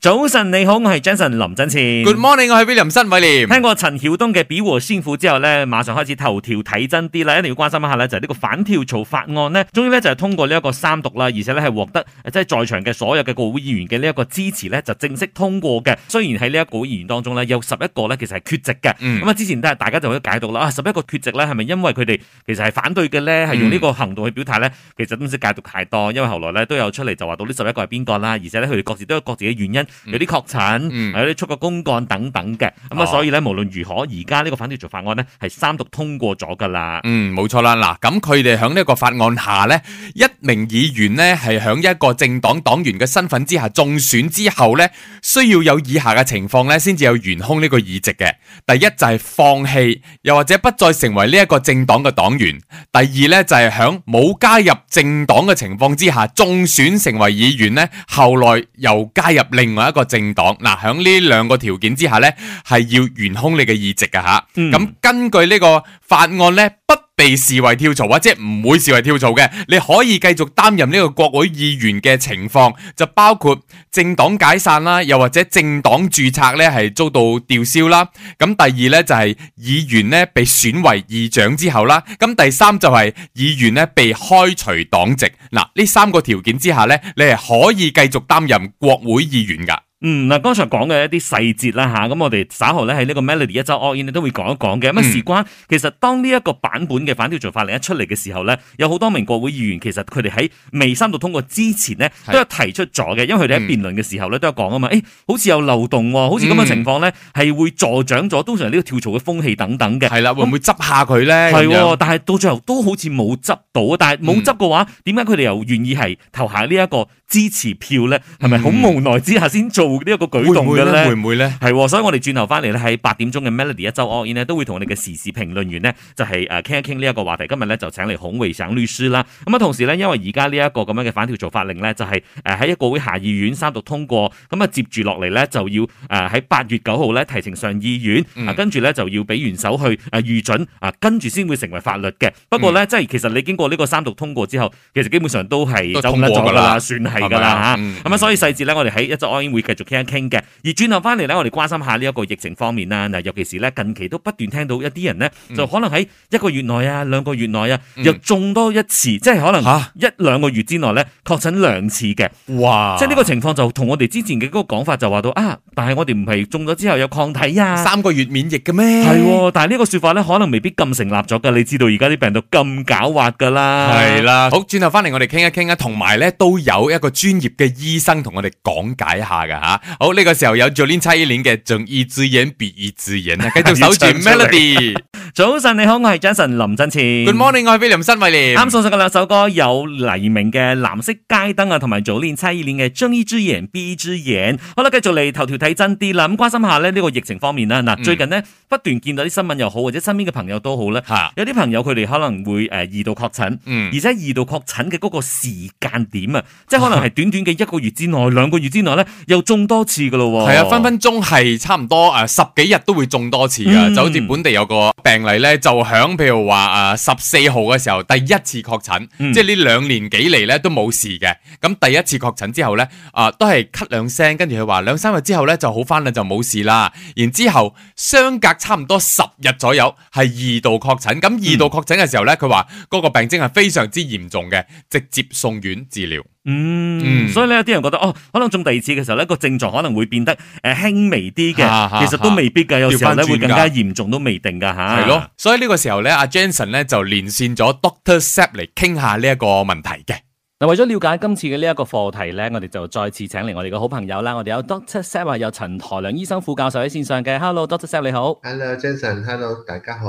早晨你好，我係 Jason 林振前。Good morning，我係 William 新偉廉。聽過陳曉東嘅《比和先父》之後咧，馬上開始頭條睇真啲啦，一定要關心一下咧，就係呢個反跳槽法案呢，終於咧就係通過呢一個三讀啦，而且咧係獲得即係在場嘅所有嘅國會議員嘅呢一個支持咧，就正式通過嘅。雖然喺呢一個國會議員當中咧，有十一個咧其實係缺席嘅。咁啊、嗯，之前都係大家就會解讀啦。啊，十一個缺席咧，係咪因為佢哋其實係反對嘅咧？係、嗯、用呢個行動去表態咧？其實都唔識解讀太多，因為後來咧都有出嚟就話到呢十一個係邊個啦，而且咧佢哋各自都有各自嘅原因。有啲確診，嗯、有啲出過公幹等等嘅，咁啊、嗯，所以咧，無論如何，而家呢個反對做法案呢，係三讀通過咗噶啦。嗯，冇錯啦。嗱，咁佢哋喺呢個法案下呢，一名議員呢，係喺一個政黨黨員嘅身份之下中選之後呢，需要有以下嘅情況呢，先至有懸空呢個議席嘅。第一就係放棄，又或者不再成為呢一個政黨嘅黨員。第二呢，就係喺冇加入政黨嘅情況之下中選成為議員呢，後來又加入另外有一個政黨，嗱、啊，響呢兩個條件之下咧，係要懸空你嘅議席嘅吓。咁、啊嗯、根據呢個法案咧，不，被視為跳槽或者唔會視為跳槽嘅，你可以繼續擔任呢個國會議員嘅情況就包括政黨解散啦，又或者政黨註冊咧係遭到吊銷啦。咁第二咧就係、是、議員咧被選為議長之後啦。咁第三就係議員咧被開除黨籍嗱，呢三個條件之下咧，你係可以繼續擔任國會議員噶。嗯，嗱，剛才講嘅一啲細節啦吓，咁我哋稍後咧喺呢個 Melody 一週，all in 都會講一講嘅。咁啊，事關其實當呢一個版本嘅反跳槽法令一出嚟嘅時候咧，有好多名國會議員其實佢哋喺未三讀通過之前呢，都有提出咗嘅。因為佢哋喺辯論嘅時候咧都有講啊嘛，誒、嗯欸，好似有漏洞喎，好似咁嘅情況咧係會助長咗通常呢個跳槽嘅風氣等等嘅。係啦、嗯，那會唔會執下佢咧？係，但係到最後都好似冇執到，但係冇執嘅話，點解佢哋又願意係投下呢一個支持票咧？係咪好無奈之下先做？呢一個舉動嘅咧，會唔會咧？係，所以我哋轉頭翻嚟咧，喺八點鐘嘅 Melody 一週 All In 咧，都會同我哋嘅時事評論員呢，就係誒傾一傾呢一個話題。今日咧就請嚟孔維省律師啦。咁啊，同時咧，因為而家呢一個咁樣嘅反條做法令咧，就係誒喺一個會下議院三讀通過，咁啊接住落嚟咧就要誒喺八月九號咧提呈上議院，跟住咧就要俾元首去預准，啊跟住先會成為法律嘅。不過咧，即係、嗯、其實你經過呢個三讀通過之後，其實基本上都係都通過㗎啦，算係㗎啦嚇。咁啊、嗯，所以細節咧，我哋喺一週 All In 會繼繼續傾一傾嘅，而轉頭翻嚟咧，我哋關心下呢一個疫情方面啦。嗱，尤其是咧近期都不斷聽到一啲人咧，嗯、就可能喺一個月內啊，兩個月內啊，嗯、又中多一次，即係可能一哈兩個月之內咧確診兩次嘅，哇！即係呢個情況就同我哋之前嘅嗰個講法就話到啊，但係我哋唔係中咗之後有抗體啊，三個月免疫嘅咩？係、哦，但係呢個說法咧可能未必咁成立咗噶，你知道而家啲病毒咁狡猾噶啦，係啦的。的好，轉頭翻嚟我哋傾一傾啊，同埋咧都有一個專，專業嘅醫生同我哋講解下噶好呢、呢個時候有早練差一練嘅睜一隻眼閉一隻眼啊，繼續守住 Melody。 早晨你好，我係 Jason 林振前。Good morning，我係 Billy 林新偉廉。啱送上嘅兩首歌有黎明嘅藍色街燈啊，同埋早練差一練嘅睜一隻眼閉一隻眼。好啦，繼續嚟頭條睇真啲啦。咁關心下咧，呢個疫情方面咧，嗱，最近呢，不斷見到啲新聞又好，或者身邊嘅朋友都好咧，有啲朋友佢哋可能會誒二度確診，而且二度確診嘅嗰個時間點啊，嗯、即係可能係短短嘅一個月之內、兩個月之內咧，又中咁多次噶咯，係啊，分分鐘係差唔多誒、啊，十幾日都會中多次噶，嗯、就好似本地有個病例咧，就響譬如話誒十四號嘅時候第一次確診，嗯、即係呢兩年幾嚟咧都冇事嘅，咁第一次確診之後咧，啊都係咳兩聲，跟住佢話兩三日之後咧就好翻啦，就冇事啦，然之後相隔差唔多十日左右係二度確診，咁二度確診嘅時候咧，佢話嗰個病徵係非常之嚴重嘅，直接送院治療。嗯，所以咧有啲人覺得哦，可能中第二次嘅時候咧個症狀可能會變得誒輕、呃、微啲嘅，其實都未必噶，啊啊、有時候咧會更加嚴重、啊、都未定噶吓。係、啊、咯，所以呢個時候咧阿、啊、Jason 咧就連線咗 Doctor Sapp 嚟傾下呢一個問題嘅。嗱，為咗了，了解今次嘅呢一個課題咧，我哋就再次請嚟我哋嘅好朋友啦。我哋有 Dr. Seth，有陳台良醫生副教授喺線上嘅。Hello，Dr. Seth，你好。Hello Jason，Hello，大家好。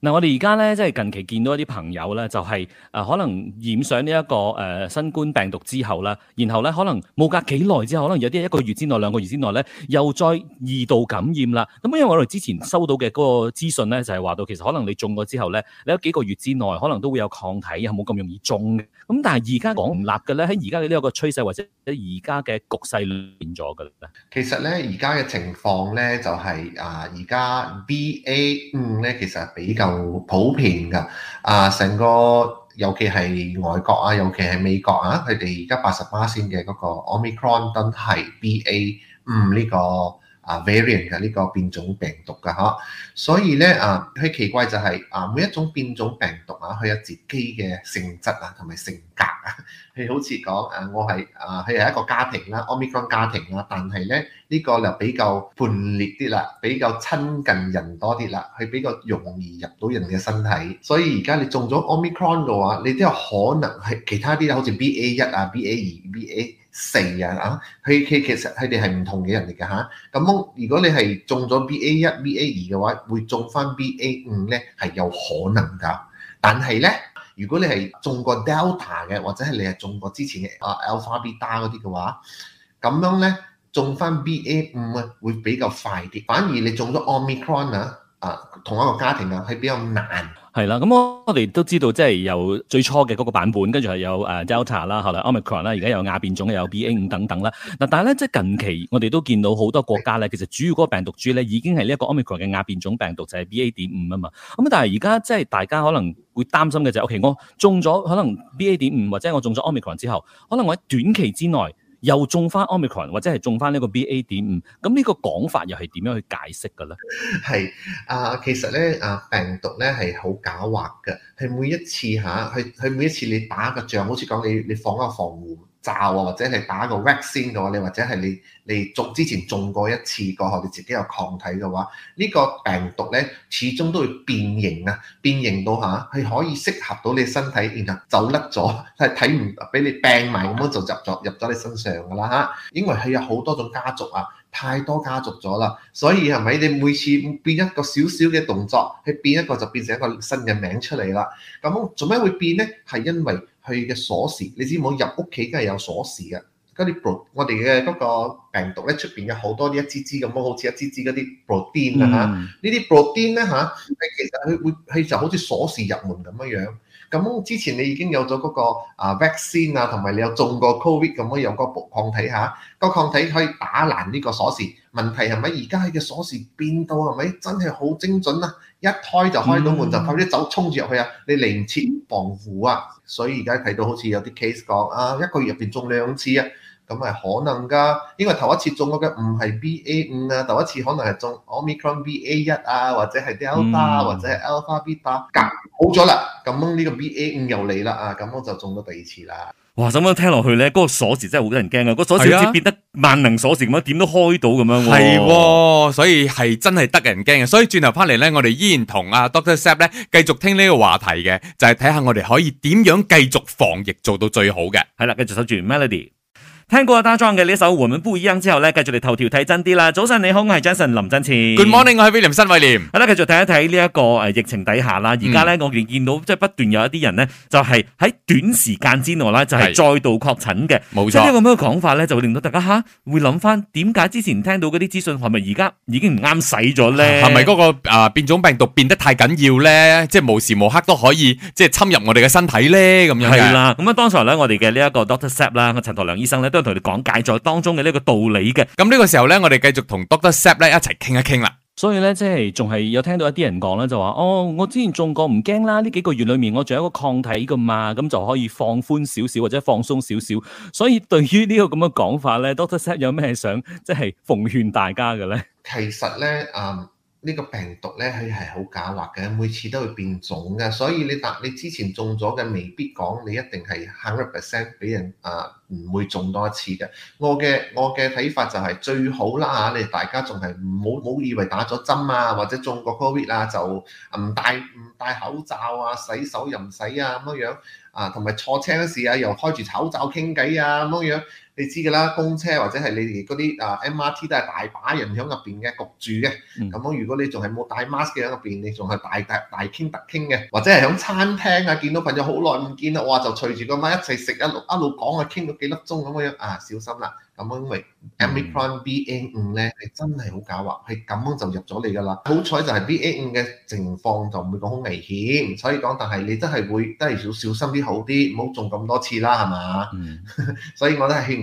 嗱，我哋而家呢，即係近期見到一啲朋友呢，就係、是、誒、呃，可能染上呢、這、一個誒、呃、新冠病毒之後啦，然後呢，可能冇隔幾耐之後，可能有啲一個月之內、兩個月之內呢，又再二度感染啦。咁、嗯、因為我哋之前收到嘅嗰個資訊呢，就係、是、話到其實可能你中咗之後呢，你喺幾個月之內可能都會有抗體，係冇咁容易中嘅。咁、嗯、但係而家講。唔立嘅咧，喺而家嘅呢一個趨勢，或者喺而家嘅局勢變咗嘅咧。其實咧，而家嘅情況咧，就係啊，而家 B A 五咧，其實比較普遍嘅。啊，成個尤其係外國啊，尤其係美國啊，佢哋而家八十八先嘅嗰個奧密克 n 都係 B A 五、嗯、呢、這個。啊 variant 嘅呢、呢個變種病毒嘅吓。所以咧啊，佢奇怪就係啊，每一種變種病毒啊，佢有自己嘅性質啊同埋性格啊。你好似講誒，我係啊，佢係一個家庭啦，Omicron 家庭啦，但係咧呢個就比較叛逆啲啦，比較親近人多啲啦，佢比較容易入到人嘅身體。所以而家你中咗 Omicron 嘅話，你都有可能係其他啲啦，好似 BA 一啊、BA 二、BA 四啊，啊，佢佢其實佢哋係唔同嘅人嚟嘅吓。咁如果你係中咗 BA 一、BA 二嘅話，會中翻 BA 五咧係有可能㗎，但係咧。如果你係中過 Delta 嘅，或者係你係中過之前嘅 Alpha Beta 嗰啲嘅話，咁樣呢，中返 BA 五啊會比較快啲。反而你中咗 Omicron 啊，啊同一個家庭啊係比較難。係啦，咁、嗯、我哋都知道，即係有最初嘅嗰個版本，跟住係有誒 Delta 啦、嗯，後來 Omicron 啦，而家有亞變種又有 BA 五等等啦。嗱，但係咧，即係近期我哋都見到好多國家咧，其實主要嗰個病毒株咧已經係呢一個 Omicron 嘅亞變種病毒，就係、是、BA 點五啊嘛。咁但係而家即係大家可能會擔心嘅就係，OK，我中咗可能 BA 點五或者我中咗 Omicron 之後，可能我喺短期之內。又中返 Omicron 或者係中返呢個 B A 點五，咁呢個講法又係點樣去解釋嘅咧？係啊、呃，其實咧啊、呃，病毒咧係好狡猾嘅，係每一次嚇，佢、啊、佢每一次你打個仗，好似講你你放個防護、啊。打喎，或者係打個 vaccine 嘅話，你或者係你你中之前中過一次個，嚇你自己有抗體嘅話，呢個病毒咧始終都會變形啊，變形到吓，係可以適合到你身體，然後走甩咗，係睇唔俾你病埋咁樣就入咗入咗你身上噶啦吓，因為佢有好多種家族啊，太多家族咗啦，所以係咪你每次變一個少少嘅動作，佢變一個就變成一個新嘅名出嚟啦？咁做咩會變咧？係因為佢嘅鎖匙，你知唔冇入屋企，梗係有鎖匙嘅。嗰啲 b r 我哋嘅嗰個病毒咧，出邊有好多呢一支支咁啊，好似一支支嗰啲 b r o a d e n 啊嚇。嗯、呢啲 b r o a d e n 咧嚇，係其實佢會係就好似鎖匙入門咁樣樣。咁之前你已經有咗嗰個啊 vaccine 啊，同埋你有中過 COVID 咁可以有個抗體嚇、啊，個抗體可以打爛呢個鎖匙。問題係咪而家嘅鎖匙變到係咪真係好精準啊？一開就開到門，嗯、就快啲走衝住入去啊！你嚟唔切防護啊，所以而家睇到好似有啲 case 講啊，一個月入邊中兩次啊。咁係可能㗎，因為頭一次中咗嘅唔係 B A 五啊，頭一次可能係中 omicron B A 一啊，或者係 Delta、嗯、或者係 Alpha Beta 隔好咗啦。咁呢個 B A 五又嚟啦啊，咁我就中咗第二次啦。哇！咁樣聽落去咧，嗰、那個鎖匙真係好得人驚啊！個鎖匙好似變得萬能鎖匙咁啊，點都開到咁樣係、哦，所以係真係得人驚嘅。所以轉頭翻嚟咧，我哋依然同阿 Doctor Sapp 咧繼續聽呢個話題嘅，就係睇下我哋可以點樣繼續防疫做到最好嘅。係啦，繼續守住 Melody。聽過阿莊嘅呢一首《我們不一樣》之後咧，繼續嚟頭條睇真啲啦。早晨你好，我係 Jason 林振前。Good morning，我係 William 申偉廉。好啦，繼續睇一睇呢一個誒疫情底下啦。而家咧我哋見到即係不斷有一啲人咧，就係喺短時間之內啦，就係再度確診嘅。冇錯，即係呢個咁樣嘅講法咧，就會令到大家吓會諗翻，點解之前聽到嗰啲資訊係咪而家已經唔啱使咗咧？係咪嗰個啊變種病毒變得太緊要咧？即係無時無刻都可以即係侵入我哋嘅身體咧？咁樣係啦。咁啊，當時咧我哋嘅呢一個 Doctor Sapp 啦，陳台良醫生咧都。同你講解咗當中嘅呢個道理嘅，咁呢個時候呢，我哋繼續同 Doctor Sapp 咧一齊傾一傾啦。所以呢，即係仲係有聽到一啲人講咧，就話哦，我之前中過唔驚啦，呢幾個月裏面我仲有一個抗體噶嘛，咁就可以放寬少少或者放鬆少少。所以對於呢個咁嘅講法呢，Doctor Sapp 有咩想即係、就是、奉勸大家嘅呢？其實呢。啊、嗯。呢個病毒咧，佢係好狡猾嘅，每次都會變種嘅，所以你打你之前中咗嘅，未必講你一定係100%俾人啊唔會中多一次嘅。我嘅我嘅睇法就係、是、最好啦嚇，你大家仲係唔好唔好以為打咗針啊或者中過 COVID 啊就唔戴唔戴口罩啊，洗手又唔使啊咁樣，啊同埋坐車嗰時啊又開住口罩傾偈啊咁樣。你知㗎啦，公車或者係你哋嗰啲啊 MRT 都係大把人喺入邊嘅焗住嘅。咁樣、嗯、如果你仲係冇戴 mask 嘅喺入邊，你仲係大大大傾特傾嘅，或者係喺餐廳啊見到朋友好耐唔見啦，哇就隨住個媽，媽一齊食一路一路講啊，傾咗幾粒鐘咁樣啊，小心啦。咁樣因為 MVPN 五 Omicron BA 五咧係真係好狡猾，係咁樣就入咗你㗎啦。好彩就係 BA 五嘅情況就唔會講好危險，所以講但係你真係會都係要小心啲好啲，唔好中咁多次啦係嘛。嗯、 所以我都係勸。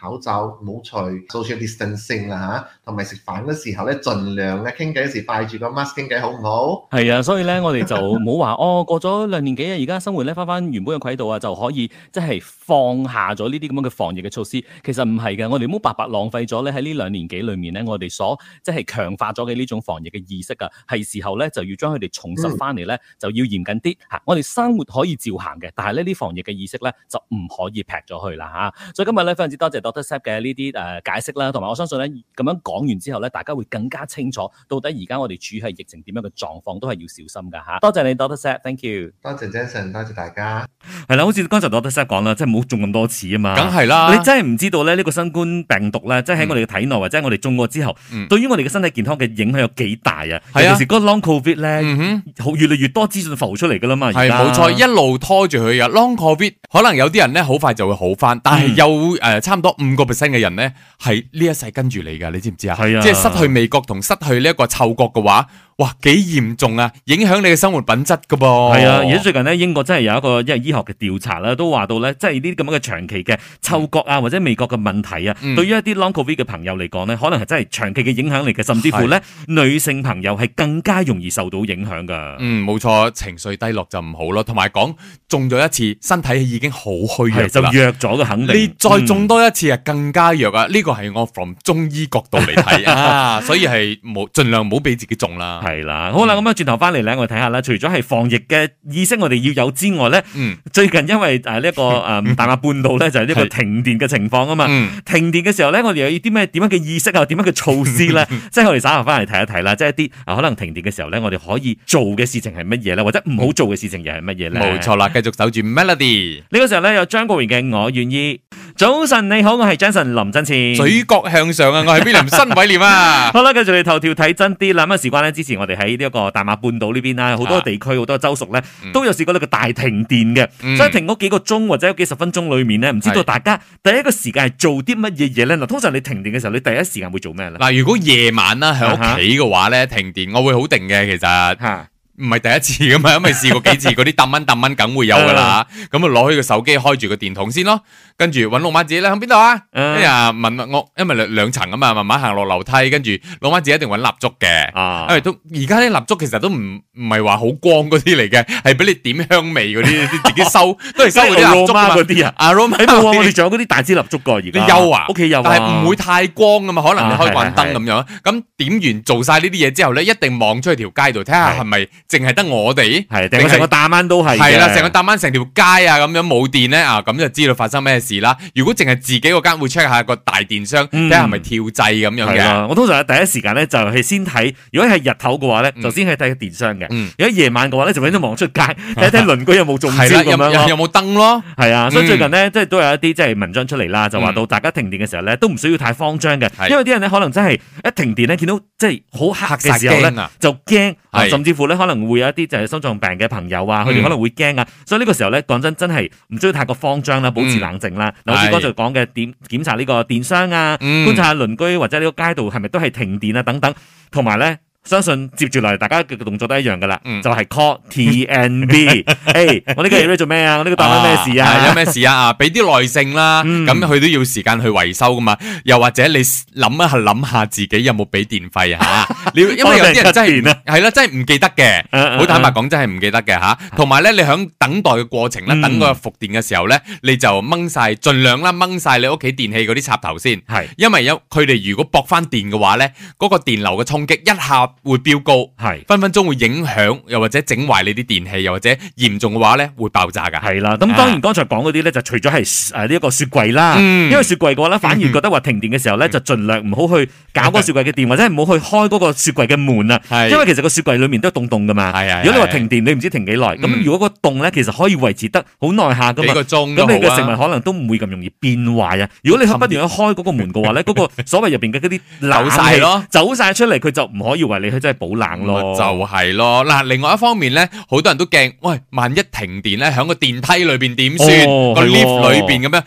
口罩冇除，保持 distance 啦嚇，同埋食飯嘅時候咧，儘量咧傾偈嗰時戴住個 mask 傾偈好唔好？係啊，所以咧我哋就冇話 哦，過咗兩年幾啊，而家生活咧翻翻原本嘅軌道啊，就可以即係放下咗呢啲咁樣嘅防疫嘅措施。其實唔係嘅，我哋冇白白浪費咗咧喺呢兩年幾裏面咧，我哋所即係強化咗嘅呢種防疫嘅意識啊，係時候咧就要將佢哋重拾翻嚟咧，嗯、就要嚴謹啲嚇、啊。我哋生活可以照行嘅，但係呢啲防疫嘅意識咧就唔可以劈咗去啦嚇、啊。所以今日咧非常之多謝。Doctor Seth 嘅呢啲誒解釋啦，同埋我相信咧咁樣講完之後咧，大家會更加清楚到底而家我哋處喺疫情點樣嘅狀況，都係要小心噶嚇。多謝你，Doctor Seth, Thank you。多謝 Jason，多謝大家。係 啦，好似剛才 Doctor Seth 講啦，即係唔好中咁多次啊嘛。梗係啦，你真係唔知道咧呢、呢個新冠病毒咧，嗯、即係喺我哋嘅體內或者係我哋中過之後，嗯、對於我哋嘅身體健康嘅影響有幾大啊？係啊、嗯，尤其是嗰個 Long Covid 咧，嗯、哼越嚟越多資訊浮出嚟噶啦嘛。係冇錯，一路拖住佢嘅 Long Covid，可能有啲人咧好快就會好翻，但係又誒、呃呃、差唔多。五個 percent 嘅人咧，係呢一世跟住你噶，你知唔知啊？係啊。即係失去味覺同失去呢一個嗅覺嘅話。哇，幾嚴重啊！影響你嘅生活品質噶噃。係啊，而家最近咧，英國真係有一個一係醫學嘅調查啦，都話到咧，即係呢啲咁樣嘅長期嘅嗅覺啊或者味覺嘅問題啊，嗯、對於一啲 long covid 嘅朋友嚟講咧，可能係真係長期嘅影響力嘅，甚至乎咧，啊、女性朋友係更加容易受到影響噶。嗯，冇錯，情緒低落就唔好咯，同埋講中咗一次，身體已經好虛弱、啊、就弱咗嘅肯定。你再中多一次啊，嗯、更加弱啊，呢個係我從中醫角度嚟睇 啊，所以係冇盡量唔好俾自己中啦。係啦，好啦，咁樣轉頭翻嚟咧，我哋睇下啦。除咗係防疫嘅意識，我哋要有之外咧，嗯、最近因為誒、這、呢、個呃、一個誒大亞半島咧，就係呢個停電嘅情況啊嘛。嗯、停電嘅時候咧，我哋又要啲咩？點樣嘅意識啊？點樣嘅措施咧？即係、嗯、我哋稍後翻嚟睇一睇啦。即係一啲啊，可能停電嘅時候咧，我哋可以做嘅事情係乜嘢咧？或者唔好做嘅事情又係乜嘢咧？冇錯、嗯、啦，繼續守住 Melody。呢個時候咧，有張國榮嘅《我願意》。早晨你好，我係 Jason 林真前。嘴角向上啊，我係 William 新偉廉啊。 好啦，繼續嚟，頭條睇真啲啦。咁啊，事關咧，之前我哋喺呢一個大馬半島呢邊啦，好多地區好多州屬咧，都有試過呢個大停電嘅。即係、嗯、停嗰幾個鐘或者有幾十分鐘裏面咧，唔知道大家第一個時間係做啲乜嘢嘢咧？嗱是，通常你停電嘅時候，你第一時間會做咩咧？嗱，如果夜晚啦喺屋企嘅話咧， 停電我會好定嘅，其實。 唔係第一次噶嘛，因為試過幾次嗰啲，揼蚊揼蚊梗會有噶啦嚇。咁啊攞起個手機開住個電筒先咯，跟住揾老媽姐咧喺邊度啊？跟住問我，因為兩兩層啊嘛，慢慢行落樓梯，跟住老媽姐一定揾蠟燭嘅，因為都而家啲蠟燭其實都唔唔係話好光嗰啲嚟嘅，係俾你點香味嗰啲，自己收都係收嗰啲蠟燭嗰啲啊。啊，aroma 冇，我哋仲有嗰啲大支蠟燭噶而家，屋企有，但係唔會太光啊嘛，可能你開慣燈咁樣。咁點完做曬呢啲嘢之後咧，一定望出去條街度睇下係咪。淨係得我哋，係，成個大班都係，係啦，成個大班成條街啊咁樣冇電咧啊，咁就知道發生咩事啦。如果淨係自己個間會 check 下個大電箱，睇下係咪跳掣咁樣嘅。係啦，我通常第一時間咧就係先睇，如果係日頭嘅話咧，就先係睇個電箱嘅。如果夜晚嘅話咧，就會都望出街，睇睇鄰居有冇中招，有冇燈咯？係啊，所以最近咧，即係都有一啲即係文章出嚟啦，就話到大家停電嘅時候咧，都唔需要太慌張嘅，因為啲人咧可能真係一停電咧，見到即係好黑嘅時候咧，就驚，甚至乎咧可能。會有一啲就係心臟病嘅朋友啊，佢哋可能會驚啊，嗯、所以呢個時候咧，講真真係唔需要太過慌張啦，保持冷靜啦、啊。嗱、嗯，好似剛才講嘅點檢查呢個電箱啊，嗯、觀察下鄰居或者呢個街道係咪都係停電啊等等，同埋咧。相信接住嚟，大家嘅動作都一樣噶啦，就係 call TNB。哎，我呢個嚟做咩啊？我呢個發生咩事啊？有咩事啊？啊，俾啲耐性啦。咁佢都要時間去維修噶嘛。又或者你諗一下，諗下自己有冇俾電費啊？你因為有啲人真係係啦，真係唔記得嘅。好坦白講，真係唔記得嘅嚇。同埋咧，你響等待嘅過程咧，等個復電嘅時候咧，你就掹晒，盡量啦掹晒你屋企電器嗰啲插頭先。係，因為有佢哋如果駁翻電嘅話咧，嗰個電流嘅衝擊一下，會飆高，係分分鐘會影響，又或者整壞你啲電器，又或者嚴重嘅話咧會爆炸噶。係啦，咁當然剛才講嗰啲咧就除咗係誒呢一個雪櫃啦，因為雪櫃嘅話咧反而覺得話停電嘅時候咧就盡量唔好去搞嗰個雪櫃嘅電，或者唔好去開嗰個雪櫃嘅門啊。係，因為其實個雪櫃裏面都有凍凍噶嘛。係啊，如果你話停電，你唔知停幾耐。咁如果個凍咧其實可以維持得好耐下噶嘛，幾個鐘咁你嘅食物可能都唔會咁容易變壞啊。如果你不斷去開嗰個門嘅話咧，嗰個所謂入邊嘅嗰啲冷氣咯走晒出嚟，佢就唔可以維。你佢真係保冷咯，就係咯。另外一方面呢，好多人都驚，喂、哎，萬一停電呢，喺、哦、個電梯裏面點算？個 lift 裏邊，咁樣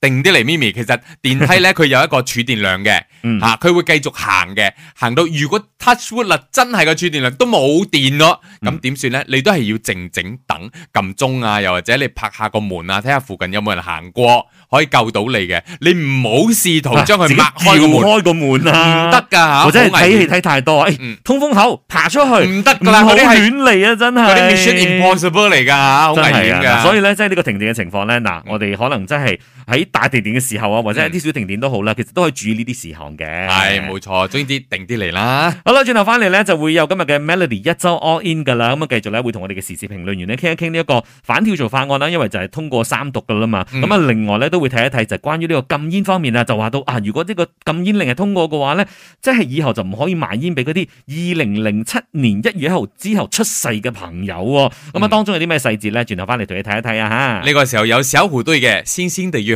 定啲嚟咪咪，其實電梯咧佢有一個儲電量嘅，吓佢會繼續行嘅。行到如果 Touch Wood 啦，真係個儲電量都冇電咯，咁點算咧？你都係要靜靜等撳鐘啊，又或者你拍下個門啊，睇下附近有冇人行過可以救到你嘅。你唔好試圖將佢擘開個門啊，唔得噶吓，即係睇戲睇太多，誒，通風口爬出去唔得，嗱嗰啲亂嚟啊，真係。嗰啲 Mission Impossible 嚟噶，好危險噶。所以咧，即係呢個停電嘅情況咧，嗱，我哋可能真係。喺大停電嘅時候啊，或者一啲小停電都好啦，啊，其實都可以注意呢啲事項嘅。係，冇錯，總之定啲嚟啦。好啦，轉頭翻嚟咧，就會有今日嘅 Melody 一周 All In 噶啦。咁啊，繼續咧會同我哋嘅時事評論員咧傾一傾呢一個反跳槽法案啦。因為就係通過三讀噶啦嘛。咁啊，嗯，另外咧都會睇一睇就係，關於呢個禁煙方面啊，就話到啊，如果呢個禁煙令係通過嘅話咧，即係以後就唔可以賣煙俾嗰啲二零零七年一月一號之後出世嘅朋友。咁啊，嗯嗯，當中有啲咩細節咧？轉頭翻嚟同你睇一睇啊吓。呢個時候有小壺堆嘅先先地約。